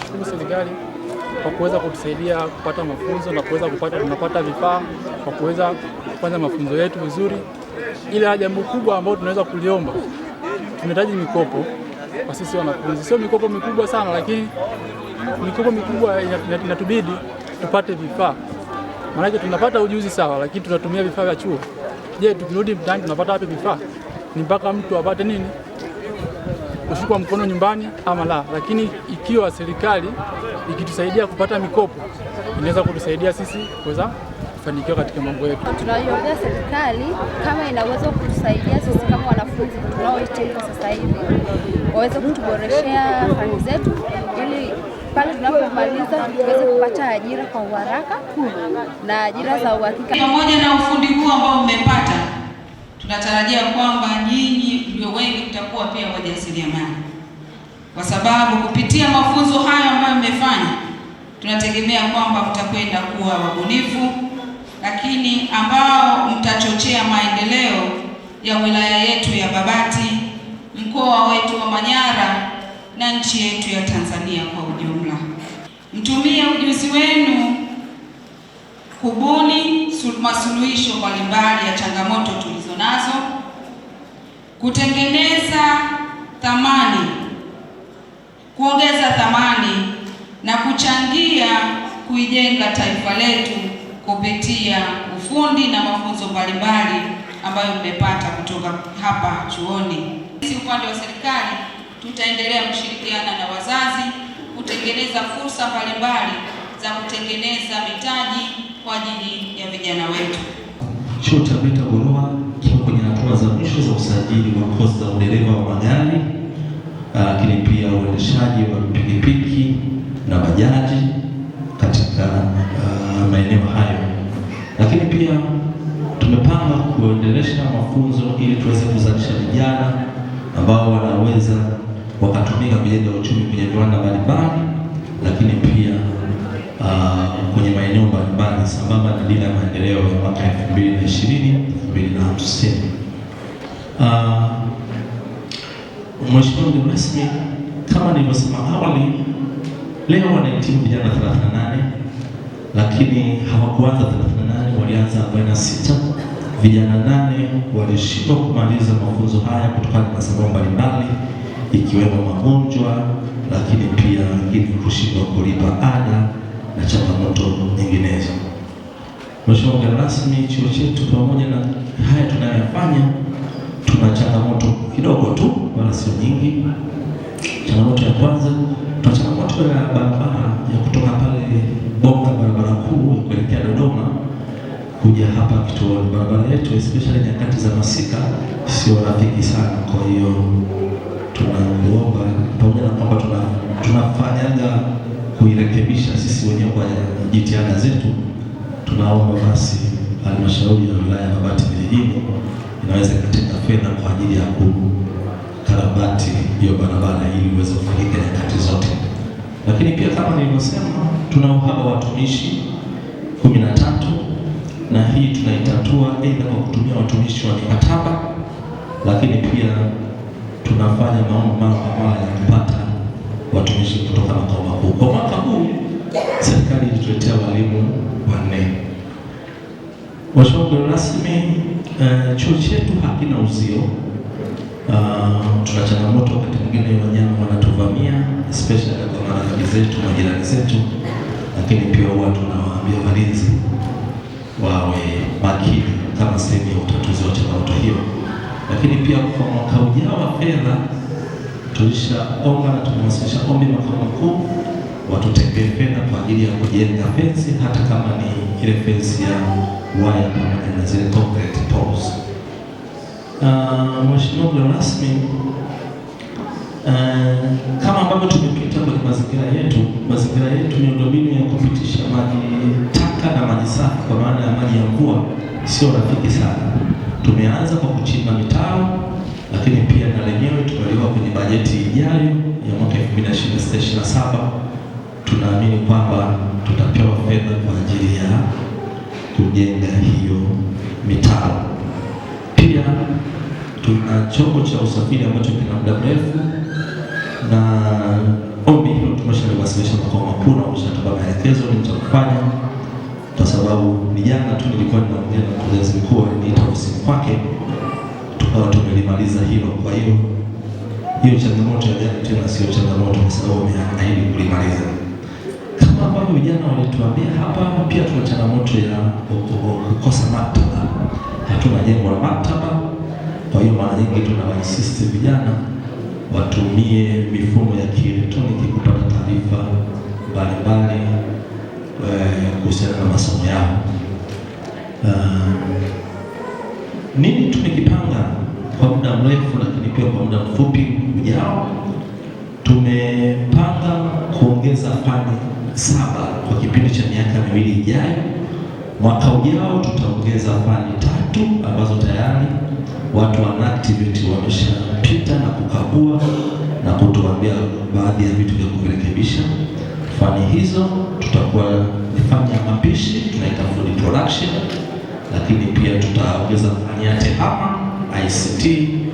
tunaishukuru serikali kwa kuweza kutusaidia kupata mafunzo na kuweza kupata tunapata vifaa kwa kuweza kufanya mafunzo yetu vizuri, ila jambo kubwa ambalo tunaweza kuliomba, tunahitaji mikopo kwa sisi wanafunzi, sio mikopo mikubwa sana, lakini mikopo mikubwa inatubidi tupate vifaa, maanake tunapata ujuzi sawa, lakini tunatumia vifaa vya chuo. Je, tukirudi mtaani tunapata wapi vifaa? Ni mpaka mtu apate nini kushikwa mkono nyumbani ama la, lakini ikiwa serikali ikitusaidia kupata mikopo inaweza kutusaidia sisi kuweza kufanikiwa katika mambo yetu. Tunaiomba serikali kama ina uwezo kutusaidia sisi kama wanafunzi tunaohitimu kwa sasa hivi waweze kutuboreshea fani zetu ili pale tunapomaliza tuweze kupata ajira kwa uharaka na ajira za uhakika pamoja na ufundi huu ambao mmepata tunatarajia kwamba nyinyi ndio wengi mtakuwa pia wajasiriamali, kwa sababu kupitia mafunzo haya ambayo mmefanya, tunategemea kwamba mtakwenda kuwa wabunifu, lakini ambao mtachochea maendeleo ya wilaya yetu ya Babati, mkoa wetu wa Manyara na nchi yetu ya Tanzania kwa ujumla. Mtumie ujuzi wenu kubuni masuluhisho mbalimbali ya changamoto nazo, kutengeneza thamani, kuongeza thamani na kuchangia kuijenga taifa letu kupitia ufundi na mafunzo mbalimbali ambayo mmepata kutoka hapa chuoni. Sisi upande wa serikali tutaendelea kushirikiana na wazazi kutengeneza fursa mbalimbali za kutengeneza mitaji kwa ajili ya vijana wetu za mwisho za usajili wa kozi za udereva wa magari, lakini pia uendeshaji wa pikipiki na bajaji katika uh, maeneo hayo, lakini pia tumepanga kuendelesha mafunzo ili tuweze kuzalisha vijana ambao wanaweza wakatumika kujenga uchumi kwenye viwanda mbalimbali, lakini pia uh, kwenye maeneo mbalimbali sambamba na dira ya maendeleo ya mwaka 2020 2050. Uh, Mheshimiwa mgeni rasmi, kama nilivyosema awali, leo wanahitimu vijana 38 lakini hawakuanza 38, walianza 46. Vijana nane walishindwa kumaliza mafunzo haya kutokana na sababu mbalimbali ikiwemo magonjwa, lakini pia wengine kushindwa kulipa ada na changamoto nyinginezo. Mheshimiwa mgeni rasmi, chuo chetu pamoja na haya tunayoyafanya tuna changamoto kidogo tu, wala sio nyingi. Changamoto ya kwanza, tuna changamoto ya barabara ya kutoka pale Bonga, barabara kuu ya kuelekea Dodoma kuja hapa kituoni. Barabara yetu especially nyakati za masika sio rafiki sana, kwa hiyo tunaomba pamoja na kwamba tuna tunafanyaga kuirekebisha sisi wenyewe kwa jitihada zetu, tunaomba basi halmashauri ya wilaya ya Babati vijijini inaweza fedha kwa ajili ya kukarabati hiyo barabara ili uweze kufanyika nyakati zote. Lakini pia kama nilivyosema, tuna uhaba wa watumishi kumi na tatu na hii tunaitatua aidha kwa kutumia watumishi wa mikataba, lakini pia tunafanya maombi mara kwa mara ya kupata watumishi kutoka makao makuu. Kwa mwaka huu serikali ilituletea walimu wanne. Washauri rasmi Eh, chuo chetu hakina uzio. Uh, tuna changamoto wakati mwingine wanyama wanatuvamia especially kwa marafiki zetu, majirani zetu, lakini pia huwa tunawaambia walinzi wawe makini kama sehemu ya utatuzi wa changamoto hiyo. Lakini pia kwa mwaka ujao wa fedha tulishaomba na tumewasilisha ombi makao makuu tutengee fedha kwa ajili ya kujenga fence, hata kama ni ile fence ya waya pamoja na zile concrete poles. Mheshimiwa mgeni rasmi, eh, kama ambavyo tumepita kwenye mazingira yetu, mazingira yetu miundombinu ya kupitisha maji taka na maji safi kwa maana ya maji ya mvua sio rafiki sana. Tumeanza kwa kuchimba mitaro, lakini pia na lenyewe tumeliwa kwenye bajeti ijayo ya mwaka 2026/2027 tunaamini kwamba tutapewa fedha kwa ajili ya kujenga hiyo mitaro. Pia tuna chombo cha usafiri ambacho kina muda mrefu, na ombi hilo tumeshaliwasilisha makao makuu na umeshatoa maelekezo ni cha kufanya, kwa sababu ni jana tu nilikuwa ninaongea na mkurugenzi mkuu aliniita ofisini kwake tukawa tumelimaliza hilo. Kwa hiyo hiyo changamoto ya jana tena sio changamoto, kwa sababu ameahidi kulimaliza kama ambavyo vijana walituambia hapa, pia tuna changamoto ya kukosa maktaba, hatuna jengo la maktaba. Kwa hiyo mara nyingi tunawasisti vijana watumie mifumo ya kielektroniki kupata taarifa mbalimbali eh, kuhusiana na masomo yao. Um, nini tumekipanga kwa muda mrefu lakini pia kwa muda mfupi ujao, tumepanga kuongeza fani saba kwa kipindi cha miaka miwili ijayo. Mwaka ujao tutaongeza fani tatu ambazo tayari watu wa activity wameshapita na kukagua na kutuambia baadhi ya vitu vya kurekebisha. Fani hizo tutakuwa ni fani ya mapishi tunaita food production, lakini pia tutaongeza fani ya tehama ICT